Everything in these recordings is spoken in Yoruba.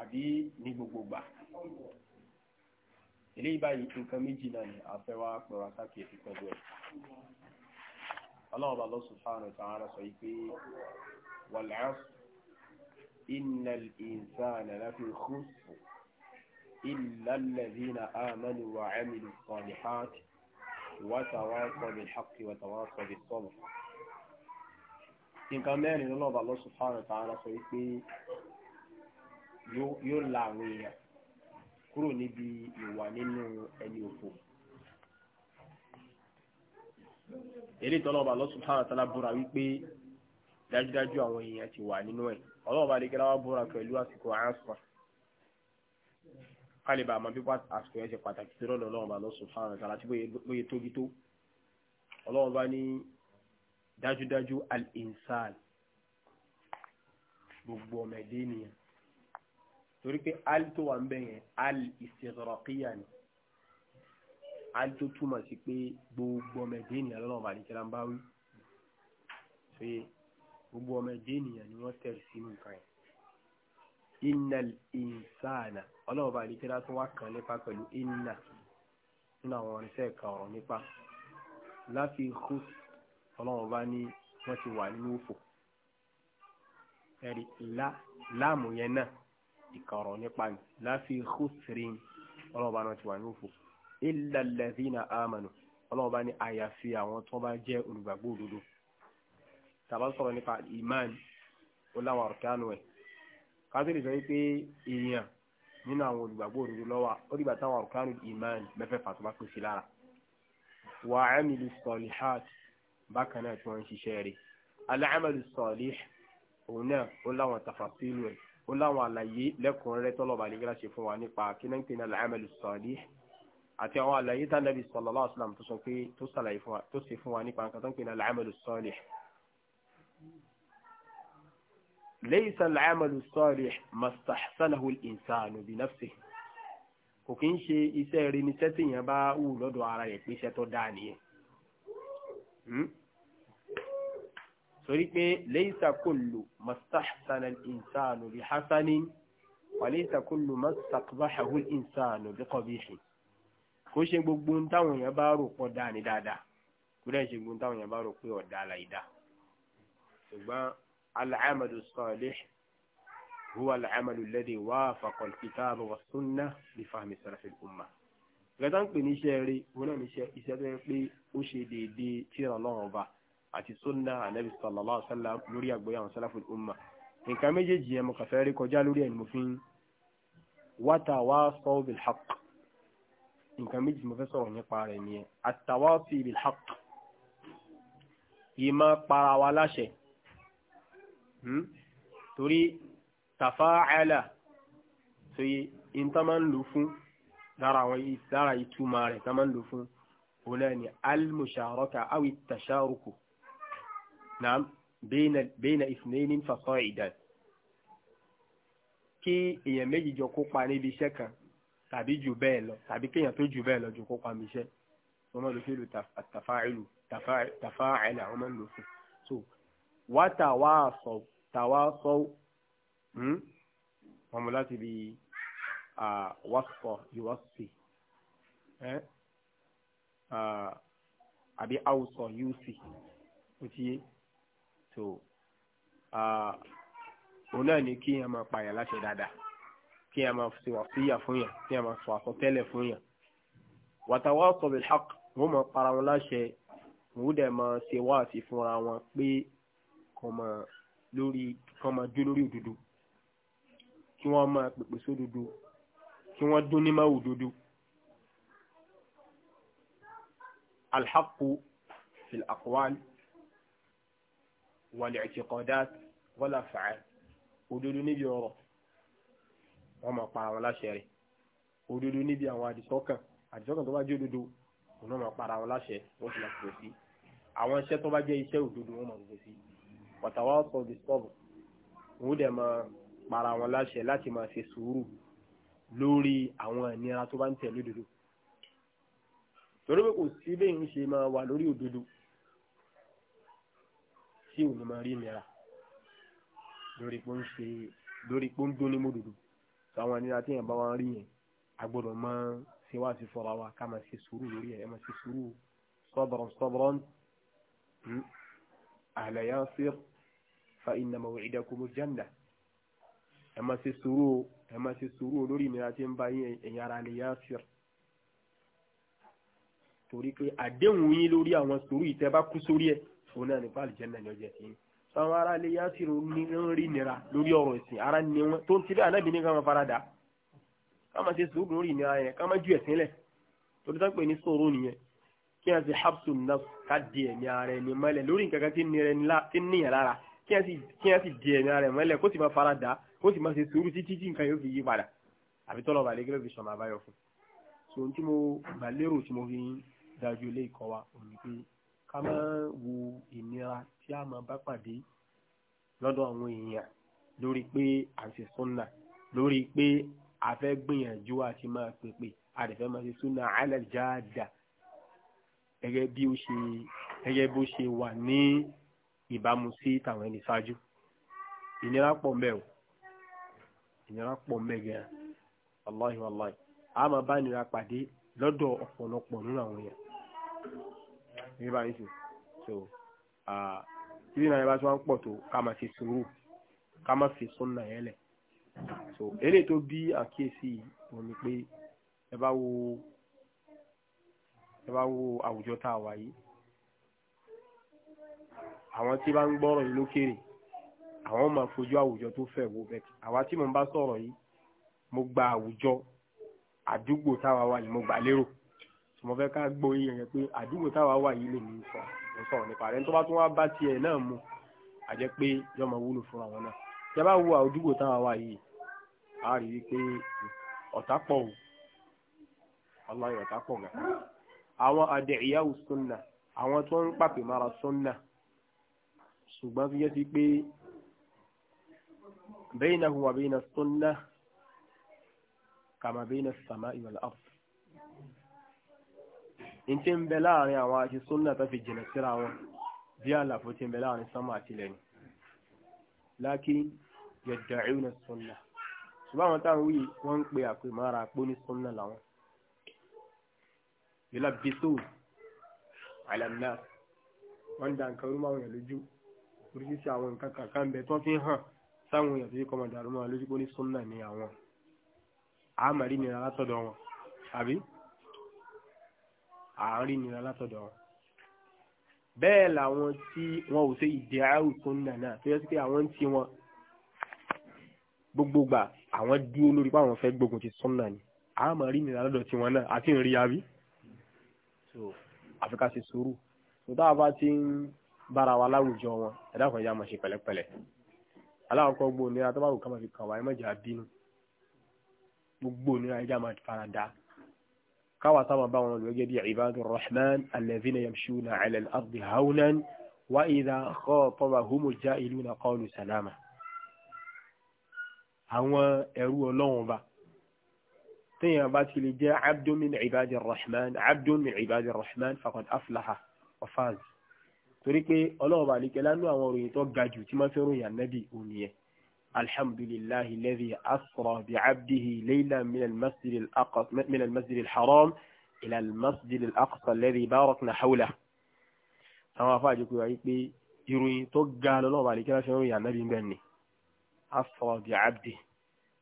àbí ní gbogbo gbà eléyìí báyìí nǹkan méjì náà ni àfẹ́wà pẹ̀rọ àtàkìyèsí pẹ̀lú ẹ̀ ọlọ́ọ̀bà Allah subhanahu wa ta'ala sọ wípé wal 'asr innal insana lafi khusr illa alladhina amanu wa 'amilu s-salihat yóò la àwọn èèyàn kúrò níbi ìwà nínú ẹni òfò èlé tọ́lọ́ ọba Allah subhanahu wa ta'ala búra wípé dájúdájú àwọn èèyàn ti wà nínú ẹ̀ ọlọ́wọ́ bá dékẹ́lá wá búra pẹ̀lú àsìkò àánsùn kálíbà àmọ́ pípa àsìkò ẹ̀ ṣe pàtàkì sí lọ́dọ̀ ọlọ́wọ́ bá Allah subhanahu wa ta'ala tí bóyá tóbi tó ọlọ́wọ́ ní dájúdájú al-insan gbogbo ọmọ ẹ̀dẹ́ ènìyàn torí pé al tó wà ń bẹ̀ yẹn al ìsèkọ̀rọ̀kíyà ni al tó túmọ̀ sí pé gbogbo ọmọ ẹ̀dẹ́ ènìyàn lọ́nà ọba àdìkẹ́lá ń bá wí pé gbogbo ọmọ ẹ̀dẹ́ ènìyàn ni wọ́n tẹ̀rì sínú nǹkan yẹn inna ìsáànà ọlọ́run ọba àdìkẹ́lá tó wá kàn nípa pẹ̀lú inna nínú àwọn irinṣẹ́ ẹ̀ka ọ̀rọ̀ nípa láti kú ọlọ́run ọba ní wọ́n ti wà nínú òfò ẹ̀rí láàmù yẹn náà ìkọ̀rọ̀ nípa ní láfi khusrin ọlọ́ọ̀bá náà ti wà ní òfò illa alladhina amanu ọlọ́ọ̀bá ní àyàfi àwọn tó bá jẹ́ olùgbàgbọ́ òdodo tàbá sọ̀rọ̀ nípa iman ó láwọn arkanu ẹ̀ kásìrì sọ wípé èèyàn nínú àwọn olùgbàgbọ́ òdodo lọ́wọ́ ó dìgbà táwọn arkanu iman mẹ́fẹ̀ẹ̀fà tó bá pè sí lára wa amilu salihat bákan náà tí wọ́n ń ṣiṣẹ́ rẹ̀ al amalu salih òun náà ó láwọn tafasilu ó láwọn àlàyé lẹ́kùnrẹ́rẹ́ tọ́lọ́ba àlejò ṣe fún wa nípa kínáńpé náà làámẹ́lú sọ̀lẹ́ àti àwọn àlàyé tá nàbí sallallahu alaihi wasallam tó sọ pé tó ṣàlàyé fún wa tó ṣe fún wa nípa nǹkan tó ń pè náà làámẹ́lú sọ̀lẹ́. laysa làámẹ́lú sọ̀lẹ́ bi nafsihi kò kí ń ṣe iṣẹ́ rí ni bá wù lọ́dọ̀ ara rẹ̀ pé iṣẹ́ tó dáa nìyẹn. Hmm? torí pé laysa kullu mastahsana al-insanu bi hasanin wa laysa kullu mastaqbahahu al-insanu bi qabihin kò ṣe gbogbo ń táwọn èèyàn bá rò pọ̀ dáa ní dáadáa kò dẹ́ ṣe gbogbo ń táwọn èèyàn bá rò pé ọ̀dà àlàyédá ṣùgbọ́n al-amalu salih huwa al-amalu alladhi wafaqa al-kitaba wa sunnah li fahmi gẹ́gẹ́ tá pè ní iṣẹ́ rí òun náà ní iṣẹ́ tó yẹ pé ó ṣe déédéé tí ìrànlọ́wọ́ ọba àti sunna anabi sallallahu alaihi wa sallam lórí àgbọ́yé àwọn sálàfù umma nǹkan méjèèjì yẹn mo kàn fẹ́ rí kọjá lórí ẹ̀ ni mo fi ń wata wa sọ bil haqq nǹkan méjì mo fẹ́ sọ̀rọ̀ nípa rẹ̀ ni àtàwọ́sí bil haqq ìmọ̀ para wa láṣẹ hmm? torí tafa'ala tó yí in ta ma ń lò fún lára àwọn ìtumà rẹ̀ ta ma ń lò fún òun ni al awi tasharuku naam bẹ́ẹ̀nà ìfúnnẹ́yìn fàṣọ ìdá kí èèyàn méjì jọ kópa níbi iṣẹ́ kan tàbí jù bẹ́ẹ̀ lọ tàbí kéèyàn tó jù bẹ́ẹ̀ lọ jọ kópa níbi iṣẹ́ wọ́n máa lò sí tàfáìlù tàfáìlà wọ́n máa fún so wá tàwa sọ tàwa sọ wọ́n mú láti bí wàsọ ìwọ́sì àbí àwùsọ yóò sì ó ti yé so òun náà ni kí yẹn máa pààyàn láṣẹ dáadáa kí yẹn máa ṣe wàsíyà fún yẹn kí yẹn máa sọ àsọtẹ́lẹ̀ fún yẹn watawasaw bil haqq wọ́n máa para wọn láṣẹ wọ́n dẹ̀ máa ṣe wáàsí fúnra wọn pé kọ́ máa lórí kọ́ máa dún lórí òdodo kí wọ́n máa pèpè sódodo kí wọ́n dún ní máa òdodo. alhaqqu fil aqwal wal-i'tiqadat wal-af'al òdodo níbi ọ̀rọ̀ wọ́n máa pa àwọn láṣẹ rẹ̀ òdodo níbi àwọn àdìsọ́kàn àdìsọ́kàn tó bá jẹ́ òdodo òun náà máa para àwọn láṣẹ wọ́n ti máa pè sí àwọn iṣẹ́ tó bá jẹ́ iṣẹ́ òdodo wọ́n máa pè sí pàtàwọ́ sọ disturb òun dẹ̀ máa para àwọn láṣẹ láti máa ṣe sùúrù lórí àwọn ìnira tó bá ń tẹ̀ lódodo torí pé kò sí bẹ́ẹ̀ ń ṣe máa wà lórí òdodo tí ò ní máa rí ìnira lórí pé ó ń ṣe lórí pé ó ń dún ní mòdòdó táwọn ìnira tí èèyàn bá wá rí yẹn a gbọ́dọ̀ máa ṣe wá wa ká máa ṣe sùúrù lórí ẹ̀ ẹ máa ṣe sùúrù sabran sabran hmm. ala yasir fa inna maw'idakumul janna ẹ máa ṣe sùúrù ẹ máa ṣe sùúrù lórí ìnira tí ń bá yín ẹ̀yìn ara lè yasir torí pé àdéhùn yín lórí àwọn sùúrù ìtẹ́ bá kú sórí ẹ̀ òun náà nípa àlìjẹ́nà ni ọjọ́ ti sọ́wọ́n ara lè yá sí rí nira lórí ọ̀rọ̀ ìsìn ara ni wọn tó ń ti bẹ́ẹ̀ anábì ní ká farada ká máa ṣe sùúrù lórí ìnira yẹn ká máa ju ẹ̀sìn lẹ̀ torí tó ń pè ní sòrò nìyẹn kí a sì hapsu náà ká di ẹ̀mí ara ẹni mọ́lẹ̀ lórí nǹkan kan tí ń níyàn lára kí a sì di ẹ̀mí ara ẹni mọ́lẹ̀ kó sì máa farada kó sì máa ṣe sùúrù títí tí nǹkan yóò fi yí padà àbí mo gbà lérò mo fi dájú ilé ìkọ́ máa bá pàdé lọ́dọ̀ àwọn èèyàn lórí pé à ń ṣe súnà lórí pé a fẹ́ gbìyànjú àti máa pèpè a lè fẹ́ máa ṣe súnà alẹ́jáàdà gẹ́gẹ́ bí ó ṣe gẹ́gẹ́ bó ṣe wà ní ìbámu sí tàwọn ẹni ṣáájú ìnira pọ̀ mbẹ́ o ìnira pọ̀ mbẹ́ gan wàláhi wàláhi a máa bá ìnira pàdé lọ́dọ̀ ọ̀pọ̀lọpọ̀ nínú àwọn èèyàn. Nígbà yìí so, uh, tí bí nàìjíríà tí wọ́n ń pọ̀ tó ká máa ṣe sùúrù ká máa fi súnà yẹn lẹ̀ so eléyìí tó bí àkíyèsí òun ni pé ẹ bá wo ẹ bá wo àwùjọ tá a wà yìí àwọn tí bá ń gbọ́rọ̀ yìí lókèrè àwọn máa fojú àwùjọ tó fẹ́ wo bẹ́ẹ̀ àwa tí mo bá sọ̀rọ̀ yìí mo gba àwùjọ àdúgbò táwa wà yìí mo gbà lérò mo fẹ́ ká gbọ́ yìí yẹn pé àdúgbò táwa wà yìí lè ní sọ ń sọ̀rọ̀ nípa rẹ̀ tó bá tún wá bá tiẹ̀ náà mu àjẹ́ pé yóò máa wúlò fún àwọn náà tí a bá wo àdúgbò táwa wà yìí a rí i pé ọ̀tá pọ̀ o ọlọ́yìn ọ̀tá pọ̀ gà àwọn adẹ̀yàwó sunna àwọn tó ń pàpè mára sunna ṣùgbọ́n fi yẹ sí pé baynahum wa bayna sunna kama bayna as-sama'i wal-ard n ti ń bẹ láàrin àwọn àti súnà tó fi jìnà síra wọn bí àlàfo ti ń bẹ láàrin sánmà àti lẹ́yìn lákì yad'una súnà ṣùgbọ́n àwọn táwọn wí wọ́n ń pe àpè mára pé ní súnà làwọn yìlá bisu àlànà wọ́n da nǹkan orúmọ àwọn èèyàn lójú oríṣiríṣi àwọn nǹkan kankan ń bẹ tó fi hàn sáwọn èèyàn tó fi kọmọdà orúmọ lójú pé ní súnà ni àwọn àmàrí nira látọ̀dọ̀ wọn àbí àárín nira látọ̀dọ̀ wọn bẹ́ẹ̀ làwọn tí wọn ò ṣe ìdè àrùsùn nànà tó yẹ sí pé àwọn ń ti wọn gbogbo gbà àwọn dúró lórí pé àwọn fẹ́ gbógun ti sọ́nà ni a máa rí nira lọ́dọ̀ tiwọn náà àti ń rí abí so àfikà ṣe sùúrù so tá a bá ti ń bára wa láwùjọ wọn ẹ̀dá kan yá máa ṣe pẹ̀lẹ́pẹ̀lẹ́ aláwọ̀kọ́ gbòòrò nira tó bá wù ká máa fi kàn wá ẹ má bínú gbogbo nira ẹja máa fara da káwa sábà bá wọn lò gẹ́gẹ́ bí ibadur rahman alladhina yamshuna ala al-ardi hawnan wa idha khatabahumul jahiluna qalu salama àwọn ẹrú ọlọ́run bá téèyàn bá ti lè jẹ́ abdun min ibadir rahman abdun min ibadir rahman faqad aflaha wa torí pé ọlọ́run bá lè kẹ́lá nú àwọn òròyìn tó ga jù tí máa fẹ́ ròyìn ànábì òun nìyẹn الحمد لله الذي أسرى بعبده ليلا من المسجد الأقصى من المسجد الحرام إلى المسجد الأقصى الذي باركنا حوله سما فاجك يعيبي يروي تقال الله عليك لا شنو يا نبي مني أسرى بعبده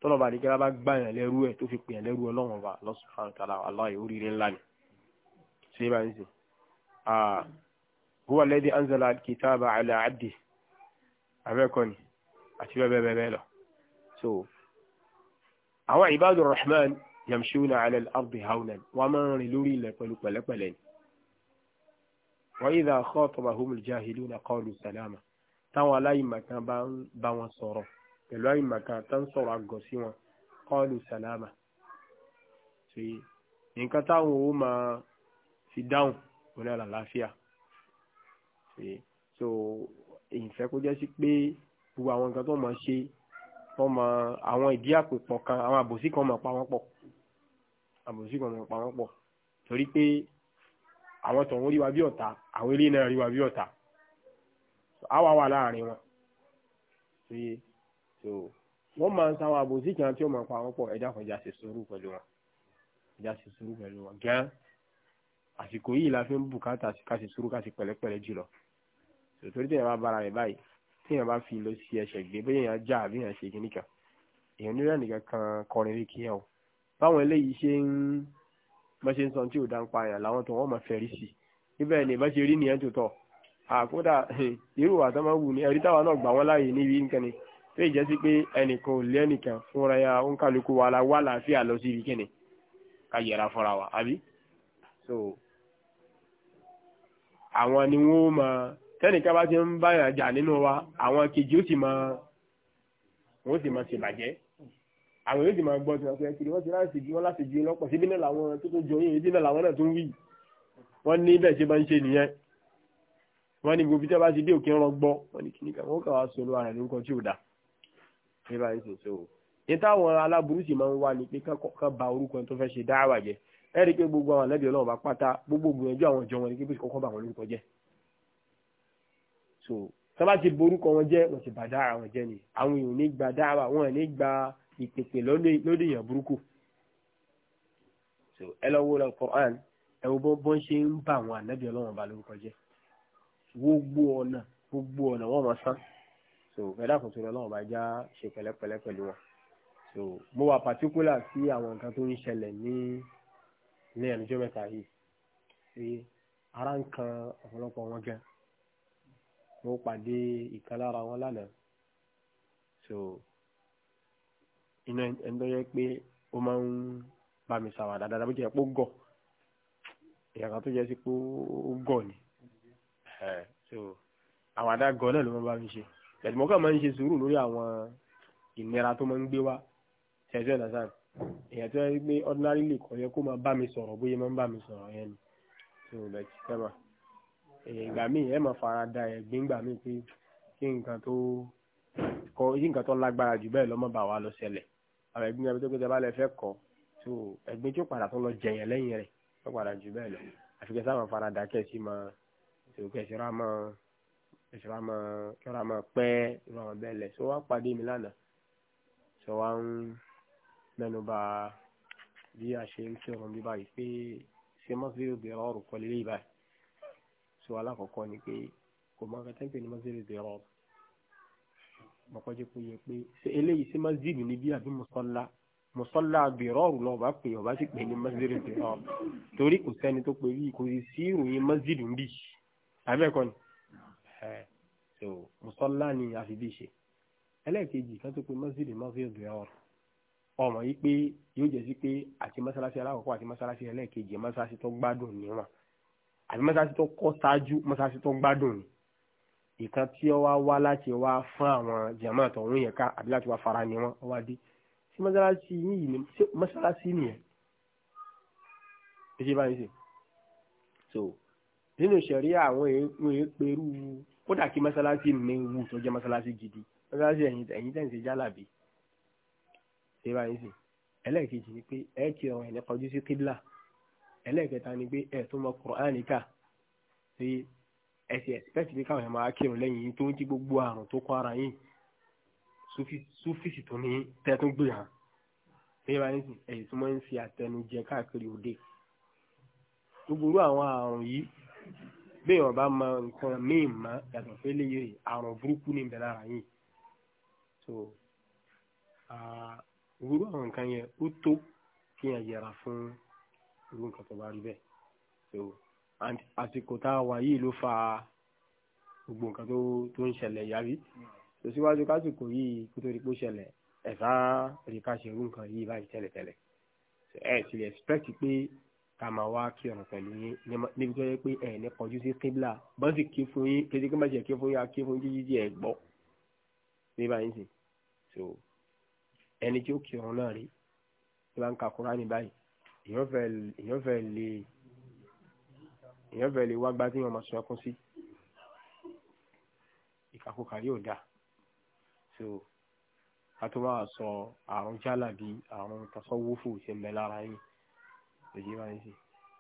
طلب عليك لا بقى بنا لروي توفيق بنا لروي الله مبا الله سبحانه وتعالى الله يوري لنا سيبا نسي آه هو الذي أنزل الكتاب على عبده أبيكوني àti bẹ́ẹ̀bẹ́ẹ̀bẹ́ẹ̀ lọ so àwọn ìbádur rahman yamshuna ala al-ardi hawnan wọ́n máa ń rìn lórí ilẹ̀ pẹ̀lú pẹ̀lẹ́pẹ̀lẹ́ ni wa idha khatabahumul jahiluna qalu salama táwọn aláìmọ̀kan bá wọn sọ̀rọ̀ pẹ̀lú àìmọ̀kan tó ń sọ̀rọ̀ àgọ̀ sí wọn qalu salama sí nǹkan táwọn ó máa fi dáhùn wọn ní àlàáfíà sí so ìfẹ́ kó jẹ́ sí pé gbogbo àwọn nǹkan tó máa ṣe wọ́n máa àwọn ìdí àpòpọ̀ kan àwọn àbòsí kan máa pa wọ́n pọ̀ àbòsí kan máa pa wọ́n pọ̀ torí pé àwọn tọ̀hún rí wa bí ọ̀tá àwọn ilé náà rí wa bí ọ̀tá àwa wà láàrin wọn wọ́n máa ń sáwọn àbòsí kan tí ó máa pa wọ́n pọ̀ ẹ̀dá kan ìjà ṣe sùúrù pẹ̀lú wọn ìjà ṣe sùúrù pẹ̀lú wọn gan àsìkò yìí la fi ń bùkátà ká ṣe sùúrù ká ṣe jùlọ tòtòrí tí bá bára rẹ̀ báyìí téèyàn bá fi lọ sí ẹsẹ̀ gbé bóyá èèyàn já àbí èèyàn ṣe kíní kan èèyàn nílẹ̀ nìkan kan kọrin rí kíyàn o báwọn eléyìí ṣe ń mọ́ṣe ń sọ tí ò dá ń pa àyàn láwọn tó wọ́n mọ̀ fẹ́ rí sí níbẹ̀ ni ìbọn ṣe rí nìyẹn tó tọ̀ àkódà irú àti ọmọ wù ní ẹ̀rí táwọn náà gbà wọ́n láàyè níbi nǹkan ni tó ìjẹ́ sí pé ẹnìkan ò lé fúnra ya ó ń kálukú wa la wà láàfíà lọ sí ibi kíni ká yẹra fúnra wa àbí so àwọn ni wọ́n máa tẹ́nìkan bá ti ń báyàn jà nínú wa àwọn kejì ó sì máa wọ́n sì máa ṣèbàjẹ́ àwọn yóò sì máa gbọ́ tiwọn pé kiri wọ́n ti láti ju wọ́n láti ju lọ́pọ̀ síbí náà làwọn tó tó jọ yìí síbí náà làwọn náà tó ń wí wọ́n ní bẹ́ẹ̀ ṣe bá ń ṣe nìyẹn wọ́n ní gbogbo tí wọ́n bá ti dé òkè ọ̀rọ̀ gbọ́ wọ́n ní kíní kan wọ́n kà wá sọ lóra rẹ̀ lórúkọ tí ò dá ní bá so ní táwọn aláburú sì máa ń wá ni pé kán ba orúkọ tó fẹ́ ṣe dáhàwà jẹ ẹ rí i pé gbogbo àwọn àlẹ́bí ọlọ́run bá pátá gbogbo ògbìyànjú àwọn ìjọ wọn ni pé kókó bá àwọn lórúkọ jẹ́ so sábà ti borúkọ wọn jẹ́ wọ́n ti bà dára wọn jẹ́ ni àwọn èèyàn ní gba dára wọn ní gba ìpèpè lóde èèyàn burúkú so ẹ lọ wo lọ Quran ẹ wo bọ́n ṣe ń bá àwọn ànábì ọlọ́run ba lórúkọ jẹ́ gbogbo ọ̀nà gbogbo ọ̀nà wọ́n máa san so ẹ̀dá kan sọ̀rọ̀ ọlọ́run bá já ṣe pẹ̀lẹ́pẹ̀lẹ́ pẹ̀lú wọn so mo wà particular sí àwọn nǹkan tó ń ṣẹlẹ̀ ní ní ẹnìjọ́ mẹ́ta yìí ara ń kan ọ̀pọ̀lọpọ̀ wọn gan-an mo pàdé ìkan lára wọn lánàá so iná ẹni tó yẹ pé ó máa ń bá mi ṣàwàdà dáadáa bó jẹ́ pé ó gọ̀ ìyá kan tó jẹ́ sí pé ó gọ̀ ni so àwàdà gọ̀ náà ló máa bá mi ṣe ẹ̀dùnmọ́ kan máa ń ṣe sùúrù lórí àwọn ìnira tó máa ń gbé wá ṣẹ̀ṣẹ̀ náà èèyàn tó yẹ pé ordinary lè kọ́ yẹ kó máa bá mi sọ̀rọ̀ bóyá máa ń bá mi sọ̀rọ̀ yẹn ni so like kẹ́mà ìgbà míì ẹ máa fara da ẹ̀gbin gbà míì pé kí nǹkan tó kọ yí nǹkan tó lágbára jù bẹ́ẹ̀ lọ́mọ bá wa lọ ṣẹlẹ̀ àwọn ẹ̀gbin yẹn tó gbé tẹ́lá lẹ fẹ́ kọ́ tó ẹ̀gbin tó padà tó lọ jẹyàn lẹ́yìn rẹ̀ tó padà jù bẹ́ẹ̀ lọ àfi kẹsàn máa fara da kẹsì máa tó kẹsìrà máa kẹsìrà máa kẹsìrà máa pẹ́ irú àwọn bẹ́ẹ̀ lẹ̀ sọ wá pàdé mi lánàá sọ wá ń mẹ́nuba bí a ṣe ń kírun bí báyìí pé ṣe mọ́ sí obìnrin ọ̀rùn kọ́lé lé báyìí tó alákọ̀ọ́kọ́ ni pé kò mọ nǹkan tẹ́ǹpẹ̀ ní mọ́sílẹ̀ dẹ̀rọ̀ mọ́kànjẹ́ kó yẹ pé ṣé eléyìí ṣé masjid ni bí àbí mùsọ́lá mùsọ́lá dẹ̀rọ̀rù náà bá pè ọba sì pè ní mọ́sílẹ̀ dẹ̀rọ̀ torí kò sẹ́ni tó pè bí kò sí ìròyìn masjid ń bì abẹ́ẹ̀kọ́ ni so mùsọ́lá ni a fi bí ṣe ẹlẹ́ẹ̀kejì kan tó pe masjid masjid dẹ̀rọ̀rù ọmọ yìí pé yóò jẹ́ sí pé àti mọ́sálásí alákọ̀ọ́kọ́ àti mọ́sálásí ẹlẹ́ẹ̀kejì mọ́sálásí tó gbádùn níwọ̀n àbí mọ́sáàsì tó kọ́ ṣáájú mọ́sáàsì tó ń gbádùn ni ìkan tí ó wá wá láti wá fún àwọn jàmáà tọ̀hún yẹn ká àbí láti wá fara ni wọ́n wá dé sí mọ́sáàsì yìí ni mọ́sáàsì nìyẹn ṣe báyìí sè so nínú ìṣẹ̀rí àwọn èèyàn perú kódà kí mọ́sáàsì ní wù tó jẹ́ mọ́sáàsì gidi mọ́sáàsì ẹ̀yìn ẹ̀yìn tẹ̀ ń ṣe jálàbí ṣe báyìí sè ẹlẹ́ẹ̀kejì ni pé ẹ kí ọ̀rọ̀ ẹ̀ ní kọjú sí kíbla ẹlẹ́ẹ̀kẹta ni pé ẹ̀ tó mọ kùránì kà ṣe ẹ ti ẹ̀sìpẹ́sì pé káwọn ẹ̀ máa kírun lẹ́yìn yín tó ń jí gbogbo àrùn tó kọ́ ara yín súfìsì tó ní tẹ́tún gbé hàn ṣé bá yín ẹ̀yìn tó máa ń fi àtẹnujẹ káàkiri òde gbogbo àwọn àrùn yìí béèyàn bá mọ nǹkan míì mọ yàtọ̀ fẹ́ lè yèrè àrùn burúkú ní ìbẹ̀rẹ̀ ara yìí so gbogbo àwọn nǹkan yẹn ó tó kí irú nǹkan tó bá rí bẹ́ẹ̀ so and àsìkò tá a wà yìí ló fa gbogbo nǹkan tó ń ṣẹlẹ̀ yàrí so síwájú kásìkò yìí kó tó rí pé ó ṣẹlẹ̀ ẹ̀fá rí ká ṣe irú nǹkan yìí báyìí tẹ́lẹ̀tẹ́lẹ̀ ẹ sì lè expect pé ká máa wá kí ọ̀ràn pẹ̀lú yín níbi tó yẹ pé ẹ̀ ní kọjú sí kíbla bọ́n sì kí fún yín kété kí má ṣe fún yín akí fún yín jíjí ẹ̀ gbọ́ ní báyìí sìn so ẹni tí ó kí ọ̀ràn náà rí tí wọ́n ń ka Kùránì báyìí èèyàn fẹ́ lè èèyàn fẹ́ lè wá gbá tí wọ́n máa sọ ẹkún sí ìkàkùkà yóò dà so a tó máa sọ àrùn jálàbí àrùn tasọ́wọ́fù ṣe ń bẹ lára yìí lójú bá ń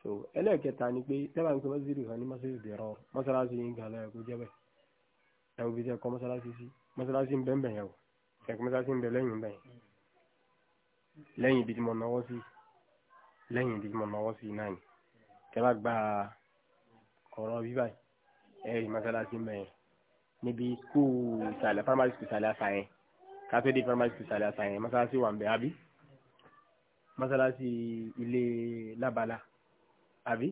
so ẹlẹ́ẹ̀kẹta ni pé tẹ́lá ń pẹ́ mọ́sídìrì kan ní mọ́sídìrì dẹ̀rọ mọ́sálásí yìí ń ga lọ́yọ̀ kó jẹ́ bẹ́ẹ̀ ẹ̀ òbí tẹ́ kọ́ mọ́sálásí sí mọ́sálásí ń bẹ́ẹ̀ bẹ́ẹ̀ yẹn o tẹ́kọ́ mọ́sálásí ń bẹ lẹ́yìn bẹ́ẹ̀ lẹ́yìn ibi tí mo náwó sí lẹ́yìn ibi tí mo náwó sí náà ni kẹ́ bá gba ọ̀rọ̀ bíbá ẹ̀rí mọ́sálásí mẹ́rin níbi skul ìsàlẹ̀ primary school ìsàlẹ̀ àṣà yẹn kátó di primary school ìsàlẹ̀ àṣà yẹn mọ́sálásí wà ń bẹ̀ àbí mọ́sálásí ilé lábala àbí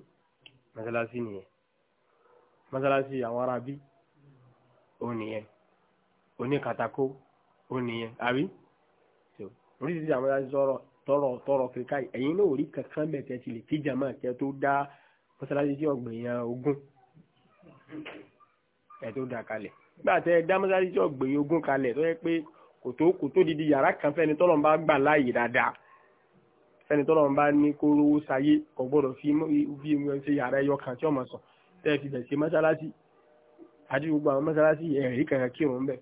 mọ́sálásí nìyẹn mọ́sálásí àwọn ará bí òun nìyẹn oníkàtàkó òun nìyẹn àbí oríṣiríṣi àwọn mọ́sálásí sọ̀rọ̀ tọrọ tọrọ ẹ̀yìn ẹ̀yin náà ò rí kankan mẹ́tẹ́ ti lè kíjà máa kẹ́ tó dá mọ́sálásí tí ọ̀gbìn yẹn ogún ẹ̀ tó dá kalẹ̀ nígbà tẹ́ dá mọ́sálásí tí pé kò didi yàrá kan fẹ́ni tọ́lọ̀ ń bá gbà láàyè dáadáa fẹ́ni tọ́lọ̀ ń bá ní kó rówó sayé kò fi ṣe yàrá ẹyọ kan tí ọmọ sàn tẹ́ fi bẹ̀ mọ́sálásí àti gbogbo àwọn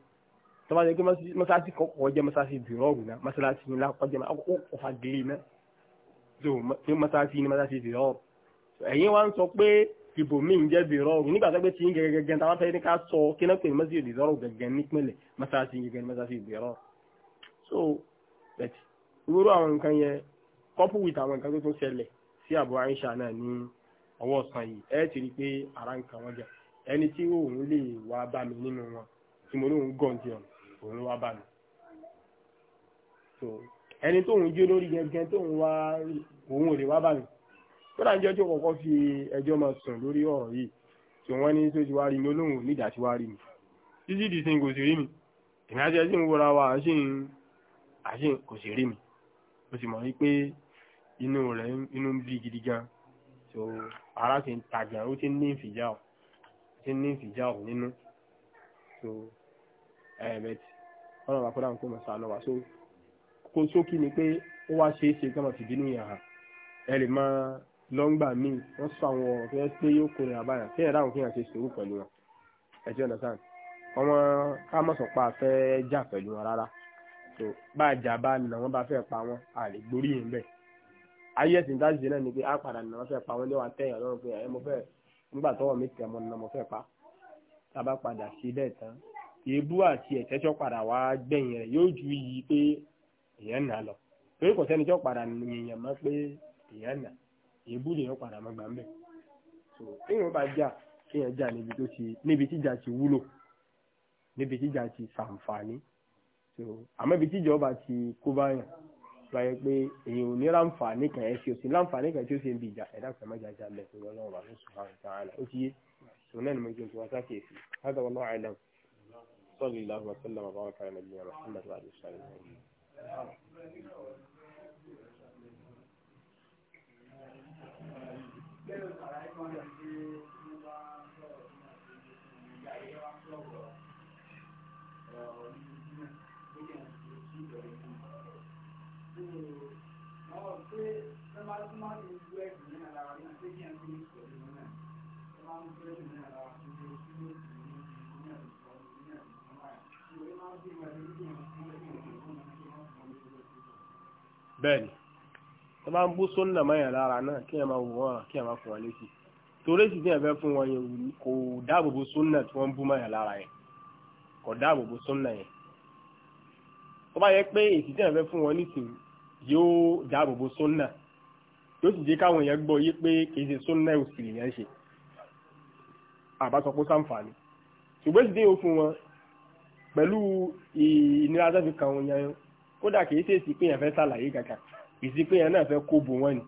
tó bá jẹ́ pé mọ́sáàsì kọ́kọ́ jẹ́ mọ́sáàsì dìrọ́ọ̀rù náà ni ní lákọ́jẹ́ ọkọ̀fà gílé náà so pé mọ́sáàsì ní mọ́sáàsì dìrọ́ọ̀rù ẹ̀yin wá ń sọ pé ìbò míì ń jẹ́ dìrọ́ọ̀rù nígbà tó pé tí ń gẹ́gẹ́ gẹ́gẹ́ táwọn fẹ́ ní ká sọ kí náà pé mọ́sáàsì dìrọ́ọ̀rù gẹ́gẹ́ nípìnlẹ̀ mọ́sáàsì gẹ́gẹ́ mọ́sáàsì dìrọ́ọ̀rù so bet irú àwọn nǹkan yẹn couple with àwọn nǹkan tó tún ṣẹlẹ̀ sí àbọ̀ àyíṣà náà ní ọwọ́ ọ̀sán yìí ẹ ti rí i pé ara nǹkan wọn jà ẹni tí òun lè wá bá mi nínú wọn tí mo ní òun gọ̀ǹdì ọ̀nà òun wá bà mí so ẹni tóun jó lórí gẹ́gẹ́ tóun wá òun ò lè wá bà mí kódà ń jẹ́ tó kọ́kọ́ fi ẹjọ́ máa sùn lórí ọ̀rọ̀ yìí tí wọ́n ní tó ti wá rí mi olóhùn nígbà tí wá rí mi títí di sin kò sì rí mi èmi àti ẹsìn wọra wa àṣìn kò sì rí mi mo sì mọ̀ wípé inú rẹ̀ inú ń bí gidi gan so ara ti ń tajà ó ti ń ní ìfìjà ò ti ń ní ìfìjà ò nínú so ẹ̀ẹ̀mẹtì eh, ọlọ́run bá kọ́dà ń kó mọ̀sá lọ so kó sókí ni pé ó wá ṣe é ṣe kí wọ́n ti bínú yàn án ẹ lè máa lọ́ngbà míì wọ́n sọ àwọn ọ̀rọ̀ pé yóò kó wọn ti understand ọmọ ká mọ̀ sọ̀pá fẹ́ jà pẹ̀lú wọn rárá so bá a jà bá nà ya bá fẹ́ pa wọ́n a lè gborí yìí bẹ́ẹ̀ ayé ẹ̀sìn a padà fẹ́ pa wọ́n lé wa tẹ̀yàn lọ́rùn pé ẹ mo fẹ́ nígbà tọ́wọ́ mi tẹ̀ mọ́ nà mo pa tá a bá padà sí èébú àti ẹ̀tẹ́jọ́ padà wá gbẹ̀yìn rẹ̀ yóò ju iyì pé èèyàn nà lọ pé kò sẹ́nijọ́ padà yìnyín mọ́ pé èèyàn nà èébú lèèyàn padà mọ́ gbàmbẹ́ so èèyàn bá jà kéèyàn jà níbi tó ti níbi tíjà ti wúlò níbi tíjà ti sàǹfààní so àmọ́ ibi tíjà ọba ti kó báyàn báyẹn pé èèyàn ò ní láǹfààní kan ẹ̀ fi òsì láǹfààní kan tí ó ṣe ń bi ìjà ẹ̀dá kan mẹ́jà jà lẹ̀ fún ọlọ́run àlọ́ sùn àwọn ìtàn àlọ́ ó ti yé so náà ni mo jẹ́ òṣùwọ̀n sákèésì látàwọn صلى الله وسلم وبارك على نبينا محمد وعلى اله وصحبه وسلم bẹ́ẹ̀ni tó bá ń bú sóńnà mọ́yàn lára náà kí ẹ máa wò wọ́n kí ẹ máa fún wọn létí torí èsì tí ẹ fẹ́ fún wọn yẹn kò dáàbò bo sóńnà tí wọ́n ń bú mọ́yàn lára yẹn kò dáàbò bo sóńnà yẹn tó bá yẹ pé èsì tí ẹ fún wọn nísìnyí yóò dáàbò bo sóńnà yóò sì jẹ́ káwọn èèyàn gbọ́ yé pé kì í ṣe sóńnà òsìlè yẹn ṣe àbá pé sáǹfààní ṣùgbọ́n èsì tí yóò fún wọn pẹ̀lú ìnira tó fi kàn wọn yẹn kódà kìí ṣe èsì pínyàn fẹ́ ṣàlàyé kàkà èsì pínyàn náà fẹ́ kó bu wọn ni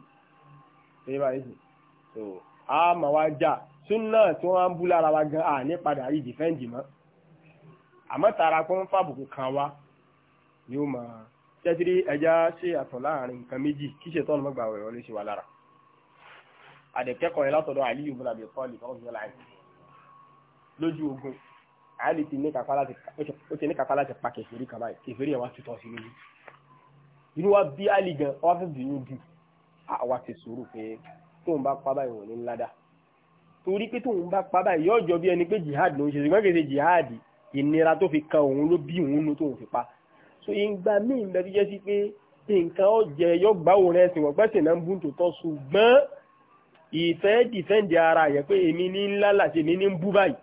ṣé bá yìí so a mà wá jà súnà tí wọ́n ń bú lára wa gan à ní padà rí dìfẹ́ǹdì mọ́ àmọ́ tara kó ń fàbùkù kan wá ni ó máa tẹ́tírí ẹja ṣe àtọ̀ láàrin nǹkan méjì kí ṣètọ́ ọ̀nà mọ́gbà ọ̀rọ̀ lè ṣe wà lára àdẹ̀kẹ́kọ̀ọ́ yẹn látọ̀dọ̀ àlíyù Ale ti ní kápá láti ó ti ní kápá láti pa kẹfìrí kàmá kẹfìrí yẹn wá tutọ́ sí lójú inú wa bí àlì gan wá fẹ́ bínú dù àwa ti sùúrù pé tóun bá pa báyìí wọn ní ńlá dá torí pé tóun bá pa báyìí yóò jọ bí ẹni pé jihad ló ń ṣe ṣùgbọ́n kì jihad ìnira tó fi kan òun ló bí òun nu tóun fi pa so ìgbà míì ń bẹ tó jẹ́ sí pé nǹkan ó jẹ yóò gbá òun rẹ sìn wọ́n gbẹ́sìn náà ń bú tòótọ́ ṣùgbọ́n ìfẹ́ dìfẹ́ǹdì ara yẹ pé èmi ní ńlá làṣẹ mi ní ń bú báyìí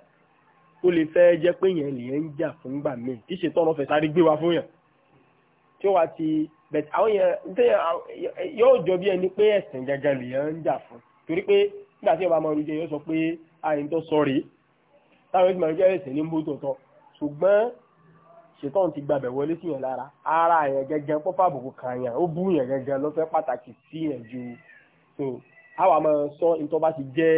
ó lè fẹ́ jẹ́ pé yẹn lè ń jà fún gbà míì kí ṣe tọ́nà fẹ̀sà rí gbé wa fún yàn tí ó wá ti bẹ̀tẹ̀ àwọn yẹn tẹ́ yóò jọ bí ẹni pé ẹ̀sìn gẹ́gẹ́ lè yẹn ń jà fún torí pé nígbà tí ọba ọmọdé yóò sọ pé àyíntọ́ sọ rèé táwọn ẹ̀sìn mọ̀lẹ́jẹ́ ẹ̀sìn ní mbó tòótọ́ ṣùgbọ́n ṣètọ́n ti gbàbẹ̀ wọlé sí yẹn lára ara yẹn gẹ́gẹ́ pọ́pọ́ àbùkù ó bú yẹn gẹ́gẹ́ lọ́fẹ́ pàtàkì sí yẹn ju so àwọn àmọ́ sọ ìtọ́ bá ti jẹ́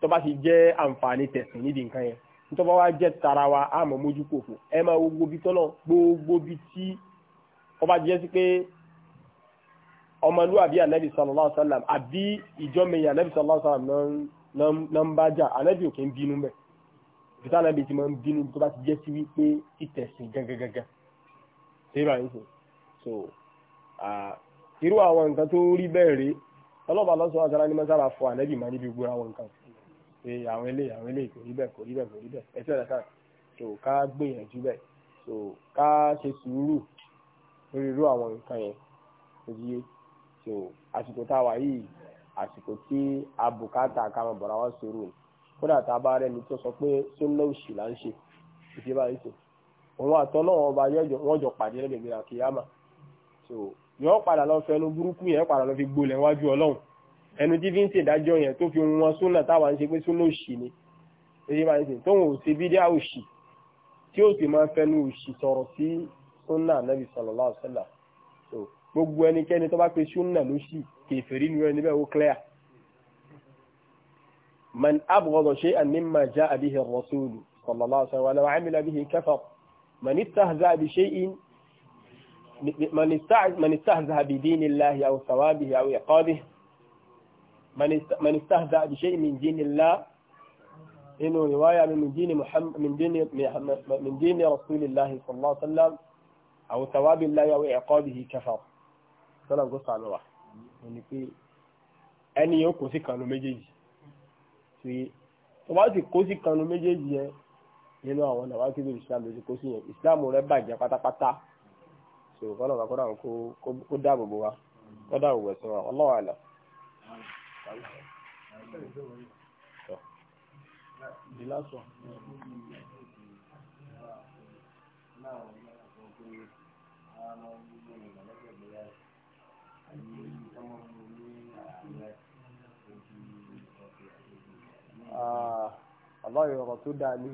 tó bá ti jẹ́ àǹfààní tẹ̀sìn nídìí nǹkan yẹn nítorí wọ́n wá jẹ́ tara wa á mọ̀ mójú kòfò ẹ máa wo gbobi tọ́lọ̀ gbogbo bi tí wọ́n bá jẹ́ sí pé ọmọlúwàbí ànábì sallallahu alaihi wasallam àbí ìjọ́mẹyìn ànábì sallallahu alaihi wasallam náà ń bá jà ànábì òkè ń bínú mẹ́ ìfìtá ànábì ti máa ń bínú tó bá ti jẹ́ sí wípé ìtẹ̀sìn gangan ṣé báyìí sọ so irú àwọn nǹkan tó rí bẹ́ẹ̀ rèé ọlọ́ba lọ́sọ̀ọ́ àtàrà ní mọ́sára fọ ànábì máa níbi gbogbo àwọn nǹkan pé àwọn eléyìí àwọn eléyìí kò rí bẹ́ẹ̀ kò rí bẹ́ẹ̀ kò rí bẹ́ẹ̀ ẹ̀sẹ̀ rẹ̀ sáà so ká gbìyànjú bẹ́ẹ̀ so ká ṣe sùúrù lórí irú àwọn nǹkan yẹn tó yé so àsìkò tá a wà yìí àsìkò tí a bùkátà ká máa bọ̀rọ̀ wá sùúrù ni kódà tá a bá rẹni tó sọ pé sólò òṣì là ń ṣe ìdí bá yìí tó òun àtọ́lọ́wọ́n ọba wọ́n jọ pàdé lẹ́gbẹ̀ẹ́ mi àkìyàmà so yọ padà lọ fẹnu burúkú yẹn padà lọ fi gbolẹ̀ wájú ọlọ́run ẹnu tí fi ń ṣèdájọ́ yẹn tó fi wọn súnà táwa ń ṣe pé súnà òṣì ni èyí máa ń sìn tóun ò ṣe bídíà òṣì tí ó sì máa fẹnu òṣì sọ̀rọ̀ sí súnà nàbì sallallahu alaihi wasallam so gbogbo ẹnikẹ́ni tó bá pe súnà lóṣì kèfèrí ni wọn níbẹ̀ ó clear. man abghada shay'an mimma ja'a bihi ar-rasul sallallahu alaihi wasallam wa 'amila bihi kafar man istahza'a bi shay'in man istahza'a bi dinillahi aw thawabihi aw iqabihi man istahza bi shay'in min dinillah inú riwaya min dini muhammad min dini min dini rasulillah sallallahu alaihi wasallam aw thawabillahi aw iqabihi kafar sallallahu alaihi wasallam ní pé ẹni yóò kó sí kanu méjèèjì tí tó bá ti kó sí kanu méjèèjì yẹn nínú àwọn ọ̀nà wákìlì lórí islam ló ti kó sí yẹn islam rẹ bàjẹ́ pátápátá so kọ́nà kọ́nà kó dáàbò bò wa kó dáàbò bò ẹ̀sìn wa ọlọ́wàá àlọ́. So, the last one. Àbáyọ̀ ah, ọ̀rọ̀ tó dáa ní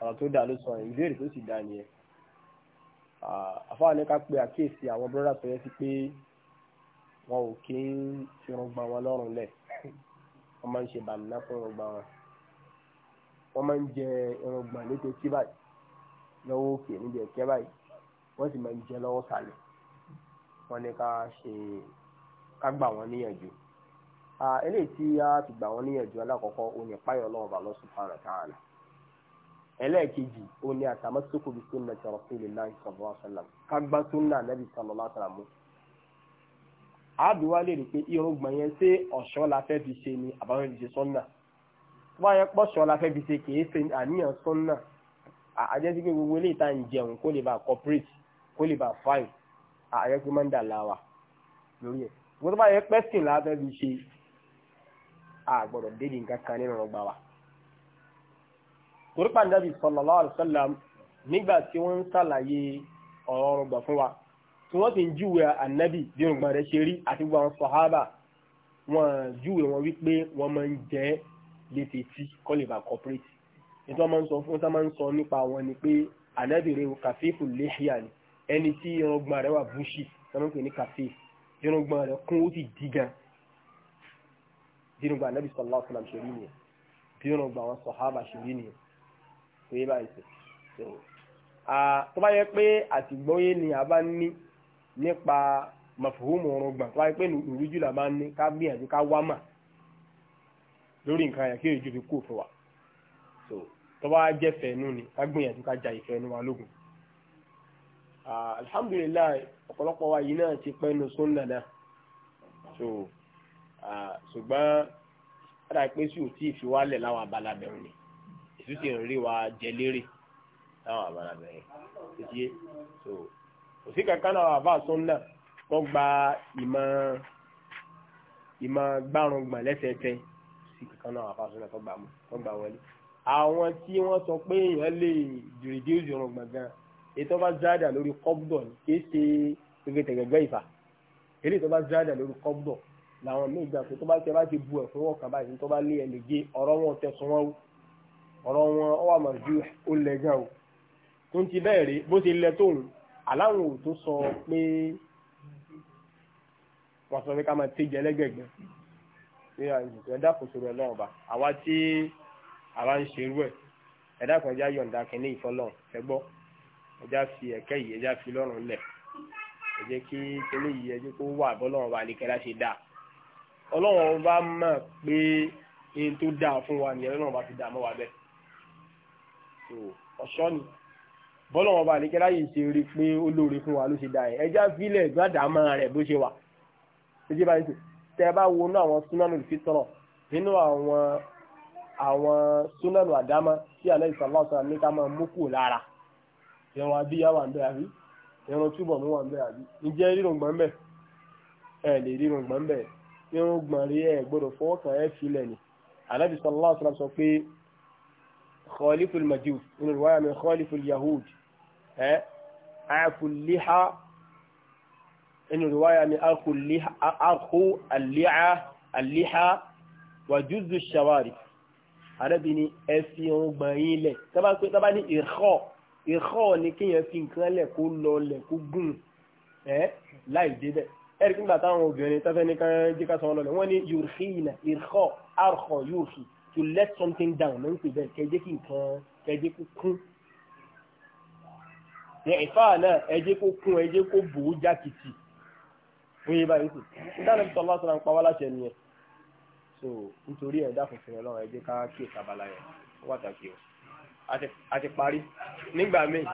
ọ̀rọ̀ tó dáa ló sọ ẹ̀ ìbéèrè tó sì dáa ni ẹ̀. Ah, àfáà ní ká pe àkíyèsí àwọn bọ́dà tó yẹ sí pé wọn ò kí ń fìrọgbà wọn lọ́rùn lẹ̀ wọ́n máa ń ṣe bàlùnà fún ìrọgbà wọn wọ́n máa ń jẹ ìrọgbà létetí báyìí lọ́wọ́ òkè níbi ẹ̀kẹ́ báyìí wọ́n sì máa ń jẹ lọ́wọ́ sàlẹ̀ wọ́n ní ká ṣe ká gbà wọ́n níyànjú eléyìí tí a ti gbà wọ́n níyànjú alákọ̀ọ́kọ́ òní páyọ̀ lọ́wọ́ bá lọ́sùn fara tààlà ẹlẹ́ẹ̀kejì òní àtàmọ́sókòbí sunnati rasulillahi sallallahu alaihi wasallam ká gbá sunna nabi sallallahu alaihi wasallam àbí wá lè rí pé irùngbọ̀n yẹn ṣé ọ̀ṣọ́ la fẹ́ fi ṣe ni àbáwọn fi ṣe sọ́nà tó bá yẹ pọ̀ṣọ́ la fẹ́ fi ṣe kì í ṣe àníyàn sọ́nà àjẹsí pé gbogbo eléyìí tá à ń jẹun kó lè bá corporate kó lè bá fine àjẹsí máa ń dà láwa lórí ẹ̀ gbogbo tó bá yẹ pẹ́sìn la fẹ́ fi ṣe àgbọ̀dọ̀ dédì nǹkan kan nínú ọgbà wa torípàǹdàbí sallallahu alaihi wasallam nígbà tí wọ́n ń ṣàlàyé ọ̀rọ̀ ọ̀rọ̀ tí wọ́n sì ń júwe ànábì bí ògbọ́n rẹ̀ ṣe rí àti gbogbo àwọn sọ̀hábà wọ́n júwe wọn wípé wọ́n máa ń jẹ́ létetí kọ́lébà corporate ní tí wọ́n máa ń sọ fún tí wọ́n máa ń sọ nípa wọn ni pé ànábì rẹ̀ kàfífù léṣíà ni ẹni tí irùngbọ̀n rẹ̀ wà búṣì tí wọ́n ń pè ní kàfífù irùngbọ̀n rẹ̀ kún ó sì dí gan dínúgbà ànábì sallallahu alaihi wasallam ṣe rí nìyẹn dínúgbà àwọn sọ̀hábà ṣe rí nìyẹn tó yẹ báyìí sọ tó bá yẹ pé àtìgbọ́yé ni a bá ní nípa mọ̀fòhùmù ọ̀run gbọ̀n wáyé pé ìrújú là máa ń ní ká gbìyànjú ká wá mà lórí nǹkan yẹn kí ìrújú fi kú fún wa so tó bá jẹ́ fẹ̀ẹ́nú ni ká gbìyànjú ká ja ìfẹ́ẹ́nú wa lógun. alhamdulilayi ọ̀pọ̀lọpọ̀ wa yìí náà ti pẹ́ nu náà so ṣùgbọ́n padà pé sí òtí ìfiwálẹ̀ láwọn abalabẹ̀ òní ètùtù ìrìn wa jẹ lérè láwọn abalabẹ̀ so kò sí kankan náà àbá sunna kọ́ gba ìmọ̀ ìmọ̀ gbárùn gbọ̀n lẹ́sẹẹsẹ sí kankan náà àbá sunna kọ́ gbà mú kọ́ gbà wọlé. àwọn tí wọ́n sọ pé èèyàn lè dìrìdì òjòrò gbọ̀ngàn ètò bá záàdà lórí kọ́bùdọ̀ kì í ṣe gbẹgbẹ tẹ̀gẹ̀gbẹ́ ìfà èlé tó bá záàdà lórí kọ́bùdọ̀ làwọn míì gbà pé tó bá tẹ bá ti bu ẹ̀fọ́ wọn kàn báyìí tó bá lé ẹ̀ lè gé ọ̀rọ̀ wọn tẹ̀sán wọn ọ̀rọ̀ wọn ọwọ́ àmọ̀ ju ó lẹ̀ gan o tó ń ti bẹ́ẹ̀ rí bó ti lẹ tóun aláwọn ò tó sọ pé wọ́n sọ pé ká máa tẹ́jẹ lẹ́gbẹ̀gbẹ́ pé ẹ̀dá kò sọ̀rọ̀ ẹ̀ náà bá àwa tí àwa ń ṣerú ẹ̀ ẹ̀dá kan ẹja yọ̀ǹda kìíní ìfọlọ́ ẹ gbọ́ ẹja fi ẹ̀kẹ́ yìí ẹja fi lọ́rùn lẹ̀ ẹ jẹ́ kí tẹ́lẹ̀ yìí ẹ jẹ́ kó wà bọ́lọ́run bá lè kẹ́lá ṣe dáa ọlọ́run bá mọ̀ pé ẹni tó dáa fún wa nìyẹn lọ́run bá fi dáa mọ́ wa bẹ́ẹ̀ ọ̀ṣọ́ ni bọ́lọ́wọ́n bá nìkẹ́ láyé ṣe rí pé ó lóore fún wa ló ṣe dá ẹ̀ ẹja fílẹ̀ gbàdámọ́ rẹ̀ bó ṣe wà ṣéjì bá ṣe tẹ́ bá wo inú àwọn súnánù fítọ̀rọ̀ nínú àwọn àwọn súnánù àdámọ́ tí àlẹ́yìn sàlọ́ọ̀sán ní ká máa mú kù lára ìran abíyá ń bẹ àbí ìran túbọ̀ mú wà ń bẹ àbí ǹjẹ́ rírun gbọ́n bẹ̀ ẹ̀ lè rírun gbọ́n bẹ̀ irun gbọ̀n rí ẹ̀ gbọ́dọ̀ fọwọ́ kan ẹ̀ ẹ́ àkùlíhá inú riwaya ni àkù àlíhá wàjúzù ṣàwárì arábìnrin ẹ fi ohun gbọ̀nyìn lẹ̀ tábà ní ìrọ̀ ìrọ̀ ni kíyàn fi nǹkan lẹ̀ kó lọ lẹ̀ kó gùn ẹ́ láì débẹ̀ ẹ̀rí nígbà táwọn obìnrin tẹ́fẹ́ ní kan jí ká sọ́wọ́n lọ́lẹ̀ wọ́n ní to let something down ló ń pè bẹ́ẹ̀ ìfá náà ẹjẹ́ kó kún ẹjẹ́ kó bò ó jákìtì fún yé báyìí sùn dáná bí sọlá sọlá ń pa wá láṣẹ nìyẹn so nítorí ẹ̀ dákun fún ọlọ́run ẹjẹ́ ká kí ìkàbàlà yẹn wọ́n pàtàkì o àti parí nígbà míì.